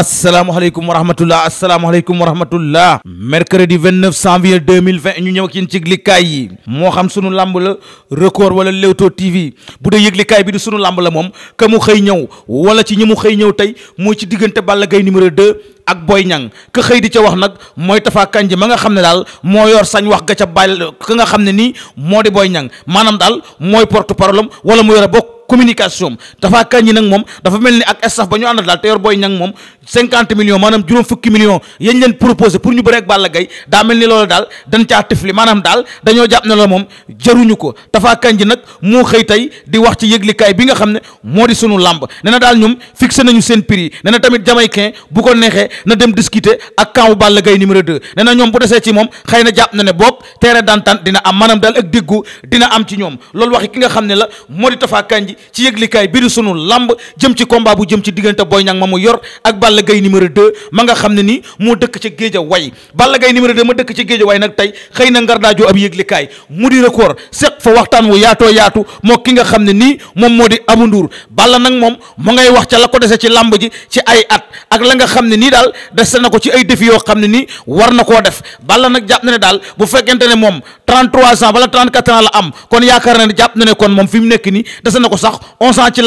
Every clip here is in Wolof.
asalaamaaleykum wa rahmatullah asalaamaaleykum wa rahmatullah mercredi 29 janvier 2020 ñu ñëw ak yéen ci yëglikaay yi moo xam sunu lamb la record wala Leewtoo TV bu dee yëglikaay bi di sunu lamb la moom ka mu xëy ñëw wala ci ñi mu xëy ñëw tey mooy ci diggante Balla Gaye numéro 2 ak Boy Niang ka xëy di ca wax nag mooy Tapha Kandji ma nga xam ne daal moo yor sañ wax ga ca bàyyi ka nga xam ne nii moo di Boy ñan maanaam daal mooy porte parole am wala mu yore bokk communication Tapha Kandji nag moom dafa mel ni ak staff ba ñu àndal daal te yor Boy Niang moom cinquante millions maanaam juróom fukki million yañ leen proposé pour ñu bëre ak Balla Gaye daa mel ni loolu daal dañ caa tifli maanaam daal dañoo jàpp ne la moom jaruñu ko Tapha Kandji nag moo xëy tey di wax ci yëglikaay bi nga xam ne moo di sunu làmb nee na daal ñoom fixé nañu seen prix nee na tamit jamaïcain bu ko neexee na dem discuter ak camp Balla Gaye numéro 2 nee na ñoom bu desee ci moom xëy na jàpp na ne boobu terrain d'entente dina am maanaam daal ak déggu dina am ci ñoom loolu waxi ki nga xam ne la moo di Tapha Kandji ci yëglikaay bi di sunu lamb jëm ci combat bu jëm ci diggante Boy Niang ma mu yor ak Balla Gaye numéro 2 ma nga xam ne nii moo dëkk ca Guédiawaye Balla Gaye numéro 2 ma dëkk ca Guédiawaye nag tey xëy na ngar daajoo ab yëglikaay mu di record seq fa waxtaan wu yaatoo yaatu moo ki nga xam ne nii moom moo di Abou Ndour Balla nag moom mu ngay wax ca la ko ci lamb ji ci ay at ak la daal dese na ko ci ay défi yoo xam ne nii war na koo def Balla nag jàpp na ne daal bu fekkente ne na ne jàpp na ne kon moom fi mu nekk nii dese na ko sax 11 ans ci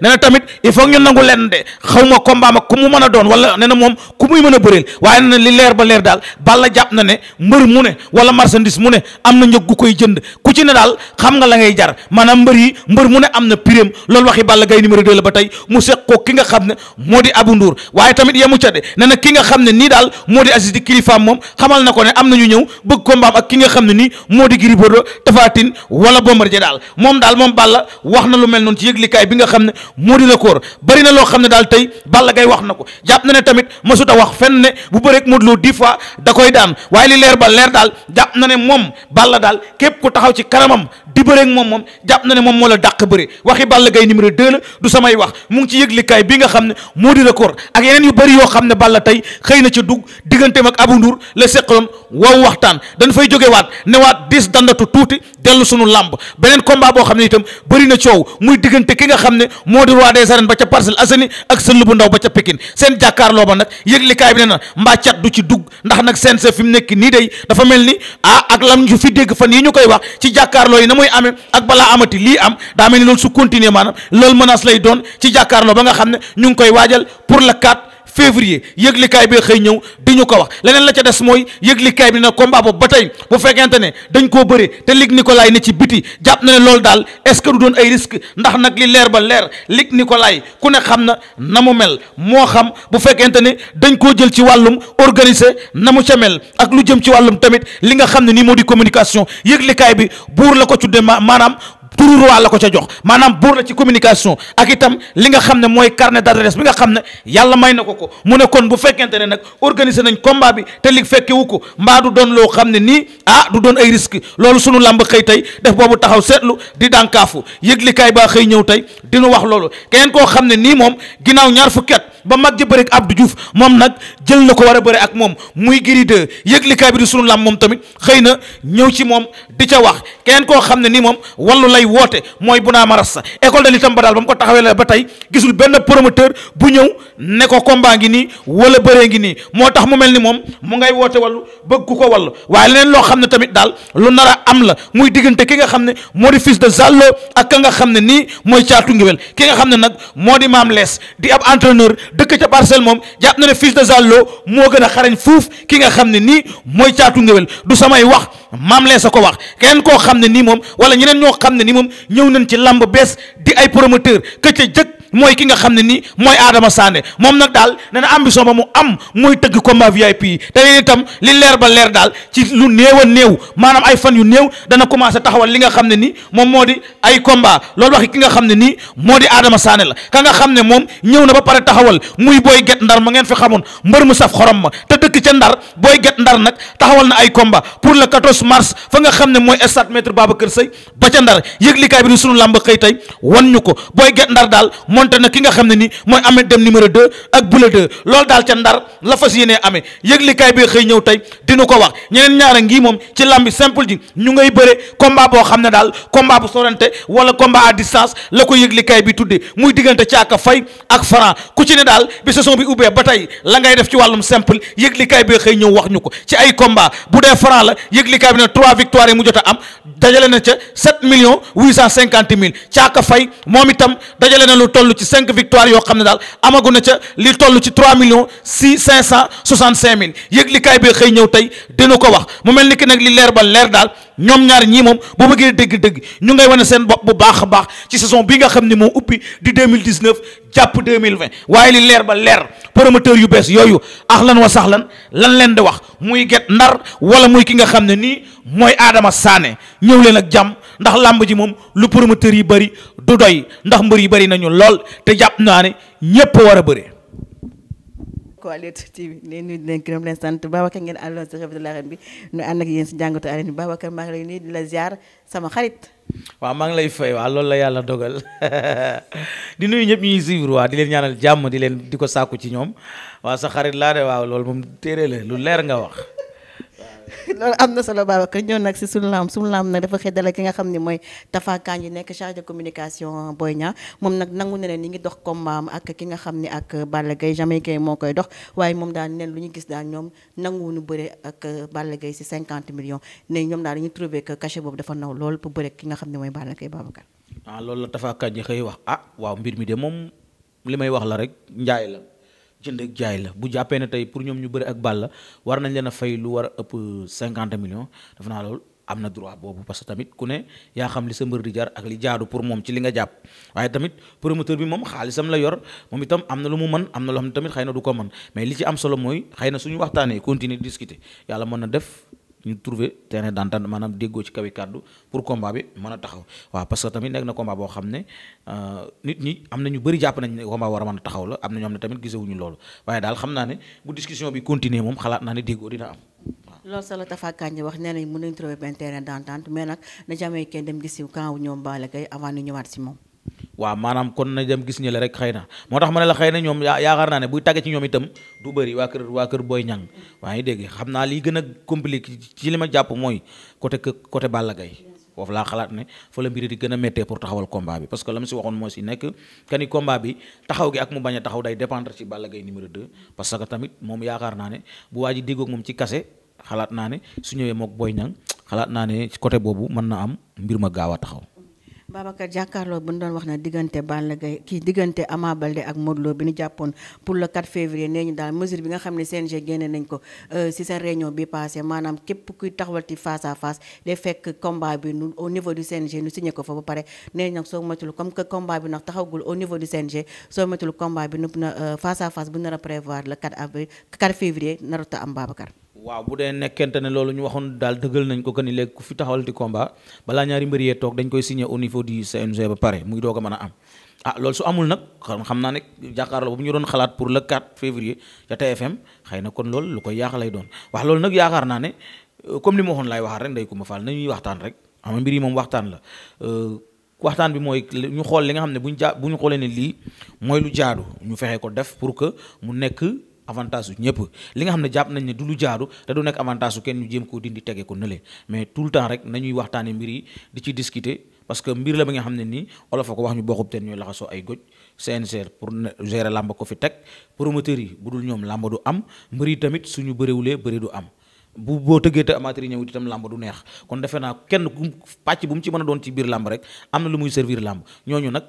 lamb a ma combat mu mën a doon wala nee na a bëreel waaye na daal Balla jàpp na ne mbër mu ne wala marchandise mu ne am na njëg koy jënd ku ci ne daal xam nga la ngay jar maanaam mbër yi mbër mu ne am na pireem loolu waxi Balla Gaye numéro 2 la ba tey mu seq ko ki nga xam ne moo di Abu Nduur waaye tamit yemu ca de ne na ki nga xam ne nii daal moo di Aziz di kilifaam moom xamal na ko ne am nañu ñëw bëgg kombaam ak ki nga xam ne nii moo di Gris Bordeaux Tafatine wala Bombardier daal moom daal moom la wax na lu mel noonu ci yëglikaay bi nga xam ne moo di la koor bëri na loo xam ne daal tey Balla gay wax na ko jàpp na ne tamit masut a wax fenn ne bu bëreek Modou Lo dix fois da koy daan waaye li leer ba leer daal jàpp na ne moom Balla daal képp ku taxaw ci kanamam di bëreek moom moom jàpp na moom moo la dàq ñàkk bëre waxi Balla Gaye numéro 2 la du samay wax mu ngi ci yëglikaay bi nga xam ne moo di record ak yeneen yu bëri yoo xam ne Balla tey xëy na ca dugg digganteem ak Abou Ndour la seqaloon wow waxtaan dañ fay jóge waat newaat dis dandatu tuuti dellu sunu làmb beneen combat boo xam ne itam bëri na coow muy diggante ki nga xam ne moo di roi des arènes ba ca Parcelles Assainies ak sëll bu ndaw ba ca Pikine seen jàkkaarloo ba nag yëglikaay bi ne na mbaa du ci daa mel su continuer maanaam loolu menace lay doon ci jàkkaarloo ba nga xam ne ñu ngi koy waajal pour le 4 février yëglikaay bi xëy ñëw bi ñu ko wax leneen la ca des mooy yëglikaay bi ne combat boobu ba tey bu fekkente ne dañ koo bëre te Luc Nicolaï ne ci biti jàpp na ne loolu daal est-ce que du doon ay risque ndax nag li leer ba leer Luc Nicolaï ku ne xam na na mu mel moo xam bu fekkente ne dañ koo jël ci wàllum organiser na mu ca mel ak lu jëm ci wàllum tamit li nga xam ne nii moo di communication yëglikaay bi buur la ko tudde maanaam turu roi la ko ca jox maanaam buur la ci communication ak itam li nga xam ne mooy carnet d'adresse bi nga xam ne yàlla may na ko ko mu ne kon bu fekkente ne nag organiser nañ kombaa bi te li fekke wu ko mbaa du doon loo xam ne nii ah du doon ay risque loolu sunu làmb xëy tey def boobu taxaw seetlu di dànkaafu yëglikaay baa xëy ñëw tey dinu wax loolu keneen koo xam ne nii moom ginnaaw ñaar fukki at ba mag ja bëre ak Abdou Diouf moom nag jël na ko war a bëre ak moom muy Gris 2 yëglikaay bi di sunu lam moom tamit xëy na ñëw ci moom di ca wax keneen koo xam ne ni moom wallu lay woote mooy bu naa maras sa école de ba daal ba ko taxawee la ba tey gisul benn promoteur bu ñëw ne ko combat ngi nii wala bëree ngi nii moo tax mu mel ni moom mu ngay woote wallu bëgg ko wallu waaye leneen loo xam ne tamit daal lu nar a am la muy diggante ki nga xam ne moo de Zallo ak ka nga xam ne nii mooy caatu ngiwel ki nga xam ne nag moo di maam lees di ab entraîneur dëkk ca parcelle moom jàpp na ne fils de Zallo moo gën a xarañ fuuf ki nga xam ne nii mooy caatu ngéwél du samay wax maam lee sa ko wax keneen koo xam ne nii moom wala ñeneen ñoo xam ne nii moom ñëw nañ ci làmb bees di ay promoteur ka ca jëkk mooy ki nga xam ne nii mooy aadama Sané moom nag daal nee na ambition ba mu am mooy tëgg combat VIP yi te leen itam li leer ba leer daal ci lu néew a néew maanaam ay fan yu néew dana commencé taxawal li nga xam ne nii moom moo di ay combat loolu waxi ki nga xam ne nii moo di Adama Sané la ka nga xam ne moom ñëw na ba pare taxawal muy booy get ndar ma ngeen fi xamoon mbër mu saf xorom ma te dëkk ca ndar booy get ndar nag taxawal na ay combat pour le 14 mars fa nga xam ne mooy stade Maître Babacar Seye ba ca ndar yëglikaay bi sunu làmb xëy tey ñu ko booy get ndar daal contre na ki nga xam ne ni mooy Ameth Dème numéro 2 ak Boule 2 loolu daal ca ndar la fas yéenee amee yëglikaay bi xëy ñëw tey dina ko wax ñeneen ñaara ngi moom ci lambi simple ji ñu ngay bëre combat boo xam ne daal combat bu sorante wala combat à distance la ko yëglikaay bi tuddee muy diggante caaka fay ak Franc ku ci ne daal bi saison bi ubbee ba tey la ngay def ci wàllum simple yëglikaay bi xëy ñëw wax ñu ko ci ay combat bu dee Franc la yëglikaay bi ne trois victoires yi a am dajale na ca sept millions huit cent toll ci cinq victoires yoo xam ne daal amagu na ca li toll ci trois millions six cinq cent soixante cinq mille yëg li kaay bi xëy ñëw tey dina ko wax mu mel ni ki nag li leer ba leer daal ñoom ñaar ñii moom bu bëggee dëgg-dëgg ñu ngay wane seen bopp bu baax a baax ci saison bi nga xam ne moo uppi di 2019 jàpp 2020 waaye li leer ba leer promoteur yu bees yooyu axlan wa saxlan lan leen di wax muy get ndar wala muy ki nga xam ne nii mooy Adama Sané ñëw leen ak jàmm ndax làmb ji moom lu promoteur yi bëri du doy ndax mbër yi bari nañu lool te jàpp naa ne ñépp war a bëri quoi Leewtoo TV nii nuyu di leen gërëm leen sant Babacar ngeen àndoon si revue de l'arène bi ñu ànd ak yéen si jàngatu arène bi Babacar maa lay nuyu di xarit waaw maa ngi lay fay waa loolu la yàlla dogal di nuyu ñëpp ñuy suivre waa di leen ñaanal jàmm di leen di ko sàkku ci ñoom waaw sa xarit laa de waaw lool moom téere la lu leer nga wax loolu am na solo Babacar ñëw nag si sunu laam sunu laam nag dafa xëy dalee ki nga xam ne mooy Tafa Kandji nekk chargé de communication Boy Niang moom nag nangu na ne ni ngi dox comme maam ak ki nga xam ni ak Balla Gaye jamais kay moo koy dox waaye moom daal neen lu ñu gis daal ñoom nanguwuñu bëre ak Balla Gaye si 50 millions ne ñoom daal dañuy trouvé que cachet boobu dafa naw lool pour bëre ki nga xam ne mooy Balla Gaye Babacar. ah loolu la Tafa Kandji xëy wax ah, mi de moom li may wax la rek njaay la. jënd ak jaay la bu jàppee ne tey pour ñoom ñu bëri ak Balla war nañ leen a fay lu war a ëpp cinquante millions def naa loolu am na droit boobu parce que tamit ku ne yaa xam li sa mbër di jar ak li jaadu pour moom ci li nga jàpp waaye tamit promoteur bi moom xaalisam la yor moom itam am na lu mu mën am na loo xam ne tamit xëy na du ko mën mais li ci am solo mooy xëy na suñu waxtaanee continuer discuter yàlla mën na def ñu trouver terrain d'entente maanaam déggoo ci kawi kàddu pour combat bi mën a taxaw waaw parce que tamit nekk na combat boo xam ne euh, nit ñi am na ñu bëri jàpp nañ ne war a mën a taxaw la am na ñoom ne tamit gisewuñu loolu waaye daal xam naa ne bu discussion bi continuer moom xalaat naa ne déggoo dina am loolu sax la Tafa Kandji wax nee nañ mën nañ trouver benn terrain d'entente mais nag na jamais kenn dem gis si kaw ñoom Balla Gaye ñu ñëwaat si moom waaw maanaam kon na dem gis ñële rek xëy na moo tax ma ne la xëy na ñoom yaakaar naa ne buy tàggee ci ñoom itam du bëri waa kër waa booy ñang waa ngi dégg xam naa li gën a compliqué ci li ma jàpp mooy côté côté Balla Gaye foofu laa xalaat ne fa la di gën a méttee pour taxawal combat bi parce que la mu si waxoon moo si nekk kani combat bi taxaw gi ak mu bañ a taxaw day dépendre ci Balla gay numéro de parce que tamit moom yaakaar naa ne bu waa ji déggoog moom ci kase xalaat naa ne su ñëwee mook booy ñang xalaat naa ne côté boobu mën na am mbir ma gaaw a taxaw Babacar jàkkaarloo bu ñu doon wax na diggante Balla Gaye kii diggante Ama Baldé ak Modou Lo bi nu jàppoon pour le 4 février nee ñu daal mesure bi nga xam ne CNG génne nañ ko si euh, seen réunion bi passé maanaam képp kuy taxawal ti à face day fekk combat bi nu au niveau du CNG nu signé ko fa ba pare nee nag soo matul comme que combat bi nag taxawgul au niveau du CNG soo matul combat bi nëpp na euh, face à bu nar a prévoir le 4 avril 4 février narut a am Babacar waaw bu dee nekkente ne loolu ñu waxoon daal dëggal nañ ko que ni léegi ku fi taxawal di combat balaa ñaari mbër yee toog dañ koy signé au niveau du CNG ba pare muy doog a mën a am ah loolu su amul nag xam naa ne jàkkaarloo ñu doon xalaat pour le 4 février ca TFM xëy na kon loolu lu koy yaax lay doon wax loolu nag yaakaar naa ne euh, comme li ma waxoon laay waxaat rek ndey ku ma faal nañuy waxtaan rek ama mbir yi moom waxtaan la euh, waxtaan bi mooy ñu xool li nga xam ne bu ñu ja bu ñu xoolee ne lii mooy lu jaadu ñu fexe ko def pour que mu nekk. avantage su ñëpp li nga xam ne jàpp nañ ne du lu jaaru te du nekk avantage su kenn ñu jéem koo dindi tege ko nële mais tout le temps rek nañuy waxtaane mbir yi di ci discuter parce que mbir la bi nga xam ne nii olof a ko wax ñu bokkub teen ñooy laxasoo ay goj CNCR pour gérer làmb ko fi teg promoteurs yi bu dul ñoom làmb du am mbir yi tamit suñu bëréwulee bëri du am bu boo tëggee te amateur yi ñëw itam làmb du neex kon defe naa kenn ku pàcc bu mu ci mën doon ci biir làmb rek am na lu muy servir làmb ñooñu nag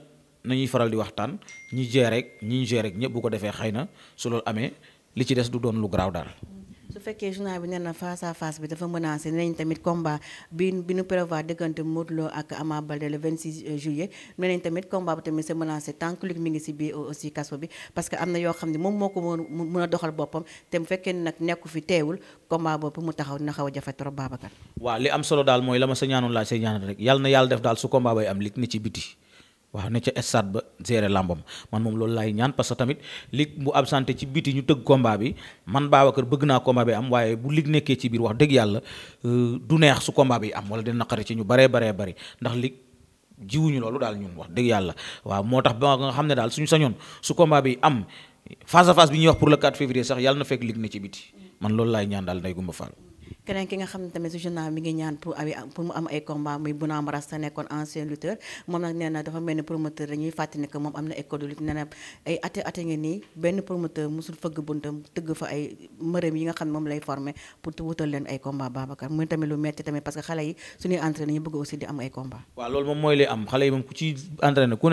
nañuy faral di waxtaan ñi jee rek ñi jee rek ñëpp bu ko defee xëy na su loolu amee li ci des du doon lu garaaw dara su fekkee journal bi nee na face à face bi dafa menacé nee nañ tamit combat bi bi ñu prévoir diggante Modou Lo euh, tamit combat bi tamit c'est menacé ngi si biir euh, aussi kaso bi parce que am na yoo xam ne moom moo ko mën a doxal boppam te mu fekkee nag nekku fi teewul combat boobu mu taxaw dina xaw a jafe trop Babacar. waaw li am solo daal mooy la ma sa ñaanoon laaj say ñaanal rek yàlla na yàlla def daal su combat bay am waaw ne ca stade ba gérer làmbam man moom loolu laay ñaan parce que tamit lig bu absenté ci biti ñu tëgg combat bi man Babacar bëgg naa combat bi am waaye bu lig nekkee ci biir wax dëgg yàlla euh, du neex su combat bi am wala dina naqari ci ñu baree baree bari ndax lig jiwuñu loolu daal ñun wax dëgg yàlla waaw moo tax ba nga xam ne daal suñu sañoon su combat bi am face à face bi ñuy wax pour le 4 février sax yàlla na fekk lig ne ci biti man loolu laay ñaan daal Ndeye Goumba Fall keneen ki nga xam ne tamit si journal mi ngi ñaan pour ay pour mu am ay combat muy Bouna Marass te nekkoon ancien lutteur moom nag nee na dafa mel ni promoteur la ñuy fàttali que moom am na école de lutte nee na ay ate ate ngi nii benn promoteur musul fëgg buntam tëgg fa ay mërëm yi pour wutal leen ay combat muy tamit lu ne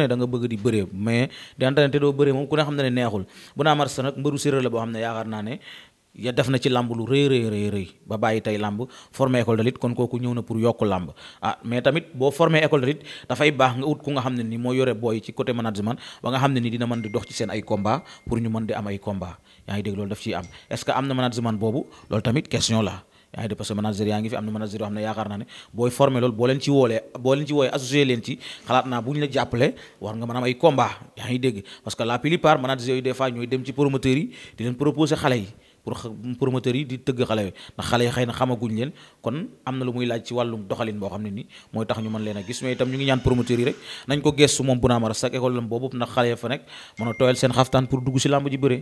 da nga bëgg moom ku neexul Bouna Marass nag mbëru séeréer la boo xam ne yaakaar naa ne ya def na ci làmb lu rëy rëy rëy ba bàyyi tey làmb formé école de lutte kon kooku ñëw na pour yokk làmb ah mais tamit boo formé école de lutte dafay baax nga ut ku nga xam ne ni moo yore booy ci côté management ba xam ne ni dina mën di dox ci seen ay combat ngi dégg loolu daf ciy am est-ce que am na management boobu loolu tamit question la yaa ngi dégg parce que manager yaa ngi fi am na manager yoo xam ne yaakaar naa ne booy formé loolu boo leen ci woolee boo leen ci woolee associé leen ci xalaat naa bu ñu la jàppale war nga mën a am ay combat yaa ngi dégg parce que pour promoteur yi di tëgg xale yi ndax xale yi xëy na xamaguñ leen kon am na lu muy laaj ci wàllum doxalin boo xam ne ni mooy tax ñu mën leen a gis mais itam ñu ngi ñaan promoteur yi rek nañ ko gestu moom bu naa mara sax école lam boobu ndax xale ya fa nekk mën a tooyal seen xaftaan pour dugg si làmb ji bëree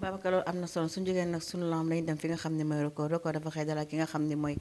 Babacar loolu am na solo suñu jógee nag su lamb lañu dem fi nga xam ne mooy record record dafa xëy dala ki nga xam ne mooy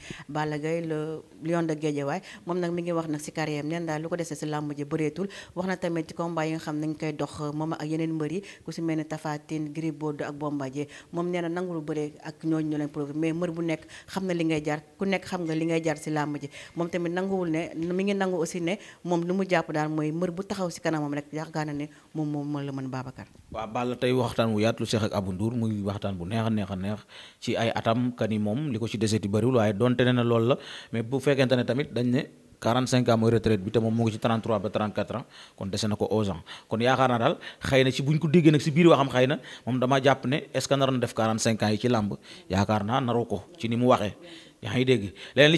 moom nag mi ngi wax nag si carrière neen daal lu ko desee si lamb ji bëreetul wax na tamit xam ne koy dox moom ak yeneen mbër yi ku si mel ni Tapha Tine Gris Bordeaux ak Bombardier moom nee na nangul bëree ak ñooñu ñu leen prouvé mais mbër bu nekk xam na li ngay jaar ku nekk xam nga li ngay jaar si lamb ji moom tamit nanguwul ne mi ngi nangu aussi ne moom lu mu jàpp daal mooy mbër bu taxaw si kanamam rek yaakaar na ne moom moom mën la mën Babacar waaw Balla tey waxtaan wu yaatu lu Cheikh ak Babou Ndour muy waxtaan bu neex a neex ci ay atam kani moom li ko ci deseti bëriwul waaye donte ne na loolu la mais bu fekkente ne tamit dañ ne 45 ans mooy retraite bi te moom mu ngi ci 33 ba 34 ans kon dese na ko 11 kon yaakaar naa daal xëy na ci buñ ko déggee nag si biir waxam xëy na moom dama jàpp ne est-ce que naroon na def 45 ans yi ci làmb yaakaar naa naroo ko ci ni mu waxee yaa dégg leneen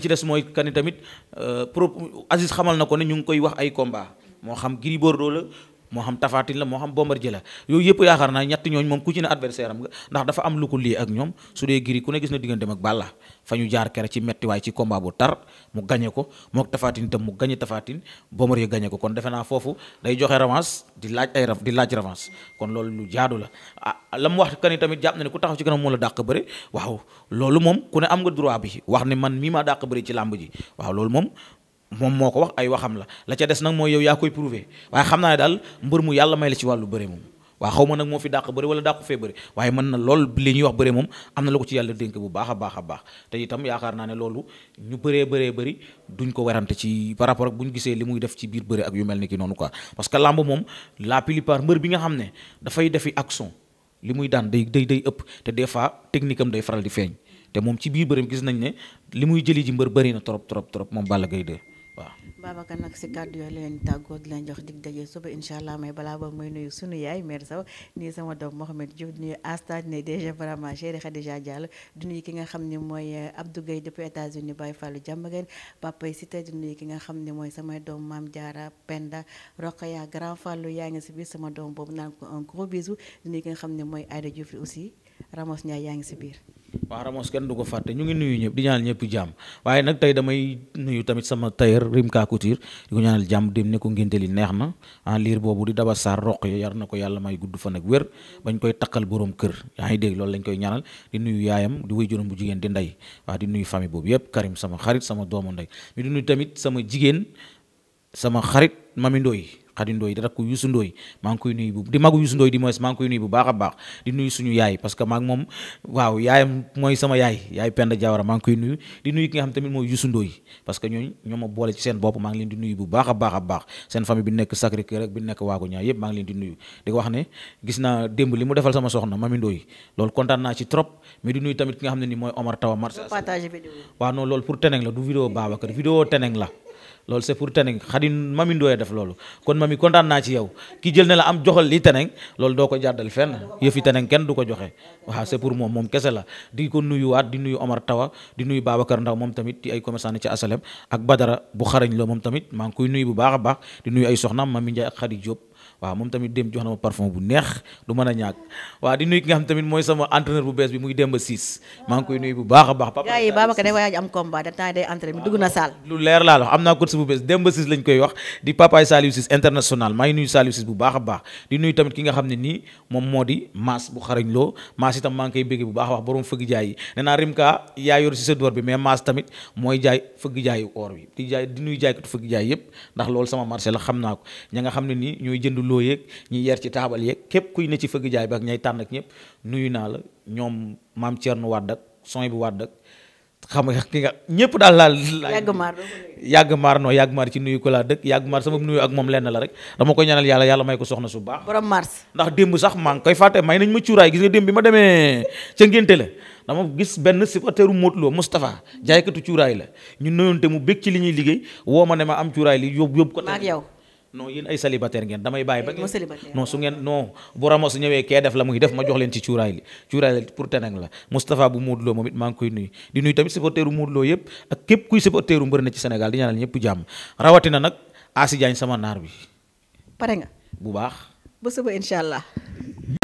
li moo xam Tapha la moo xam Bombardier la yooyu yëpp yaakaar naa ñett ñooñ moom ku ci ne adversaire am nga ndax dafa am lu ko lii ak ñoom su dee Gris ku ne gis na digganteem ak Balla fa ñu jaar kere ci méttiwaay ci combat bu tar mu gañe ko mook Tapha Tine itam mu gañe Tapha Tine Bombardier gañe ko kon defe naa foofu day joxe revanche di laaj ay di laaj revanche kon loolu lu jaadu la a ah, la mu wax kan tamit jàpp na ne ku taxaw ci kanam moo la dàq bëre waaw loolu moom ku ne am nga droit bi wax ne man mii maa dàq bëre ci làmb ji waaw loolu moom moom moo ko wax ay waxam la la ca des nag mooy yow yaa koy prouver waaye xam naa ne daal mbër mu yàlla may la ci wàllu bëre moom waa xaw ma nag moo fi dàq bëri wala dàqu fee bëri waaye mën na lool li ñuy wax bëri moom am na la ko ci yàlla dénk bu baax a baax a baax te itam yaakaar naa ne loolu ñu bëree bëree bëri duñ ko werante ci par rapport bu ñu gisee li muy def ci biir bëri ak yu mel ni ki noonu quoi parce que làmb moom la plupart mbër bi nga xam ne dafay defi action li muy daan day day day ëpp te des fois technique am day faral di te moom ci biir bëri gis nañ ne li muy jëli ji mbër bëri na trop trop trop moom Balla Gaye Babacar nag si kàddu yooyu leen tàggoo di leen jox dig daje suba incha may mais balaa boobu mooy nuyu sunu yaay mère Sow nii sama doom Mohamed Diouf di nuyu Asta ne déjà vraiment chéri ki nga xam ne mooy euh, Abdou Gueye depuis États-Unis Baye Fallou Diamaguène papay Cité di ki nga xam ne mooy samay doom Maam Diarra Penda Rokhaya Grand Fallou yaa ngi si biir sama doom boobu naan ko un gros bisou di nuyu ki nga xam ne mooy Aïda Diouf aussi Ramos Ndiaye yaa ngi si biir waaw Ramos kenn du ko fàtte ñu ngi nuyu ñëpp di ñaanal ñëpp jàmm waaye nag tey damay nuyu tamit sama tailleur Rimka Couture di ko ñaanal jàmm dem ne ko ngénte li neex na en ah, liir boobu di daba saar roq yi yar na ko yàlla may gudd fa nag wér bañ koy takkal boroom kër yaa ngi dégg loolu lañ koy ñaanal di nuyu yaayam di wéy juróom bu jigéen di ndey waaw di nuyu famille boobu yëpp Karim sama xarit sama doomu ndey mi di nuyu tamit sama jigéen sama xarit Mami Khady Ndoye di rakku Youssou Ndoye maa ngi koy nuyu bu di magu Youssou Ndoye di moins maa a baax di nuyu suñu yaay parce que moom waaw yaayam mooy sama yaay yaay Penda Diawara maa ngi koy nuyu di nuyu ki nga xam tamit di nuyu a baax di nuyu wax ne gis naa démb li mu defal sama soxna Mami Ndoye loolu kontaan ci trop mais di nuyu tamit ki nga xam ne ni mooy Omar Tawa Mars waaw noonu loolu pour teneng la du vidéo Babacar vidéo teneng la loolu c'est pour teneng xadi mami ndooye def loolu kon mami kontaan naa ci yow ki jël ne la am joxal li teneng loolu doo ko jàddal fenn yëfi teneng kenn du ko joxe waaw c'est pour moom moom kese la di ko nuyuwaat di nuyu Omar Tawa di nuyu Babacar Ndaw moom tamit ci ay commerçant ci asalem ak Badara bu xarañ loo moom tamit maa ngi koy nuyu bu baax a baax di nuyu ay soxna mami Ndiaye ak xadi Diop waaw moom tamit dem jox na ma parfum bu neex du mën a ñàkk waaw di nuyu ki nga xam tamit mooy sama entraîneur bu bees a baax. papa gars yi Babacar day a baax di nuyu tamit ki nga xam ne nii moom moo di Maas bu xarañ loo Maas itam maa ngi koy bégge bu baax a baax borom fëgg jaay yi nee naa Rimka yaa yor si sa bi mais Maas tamit mooy jaay fëgg jaayu or bi di jaay di nuyu jaaykatu fëgg jaay yëpp ndax loolu sama marché la xam naa ko ña nga xam ne nii ñooy jënd loo yeeg ñu yer ci taabal yeeg képp kuy ne ci fëgg jaay bi ak ñay tànn ak ñëpp nuyu naa la ñoom maam Thierno Wade ak son bu Wade xam nga ki nga ñëpp daal laal yàgg maar yàgg maar noo yàgg maar ci nuyu ko laa dëkk yàgg maar sama nuyu ak moom lenn la rek dama koy ñaanal yàlla yàlla may ko soxna su baax borom mars ndax démb sax maa ngi koy fàtte may nañ ma cuuraay gis nga démb bi ma demee ca ngénte la dama gis benn si supporteru Modou loo Moustapha jaaykatu cuuraay la ñu nuyoonte mu bég li ñuy liggéey woo ma ne ma am cuuraay li yóbbu yóbbu ko. ak yow non yéen ay célibataire ngeen damay bàyyi ba ngeen non su ngeen non bu Ramos ñëwee kee def la muy def ma jox leen ci cuuraay li cuuraay li pour teneng la Moustapha bu Modou Lo moom it maa ngi koy nuyu di nuyu tamit supporteru Modou Lo yëpp ak képp kuy supporteru mbër na ci Sénégal di ñaanal ñëpp jàmm rawatina nag Asi sama naar bi pare nga bu baax ba suba incha allah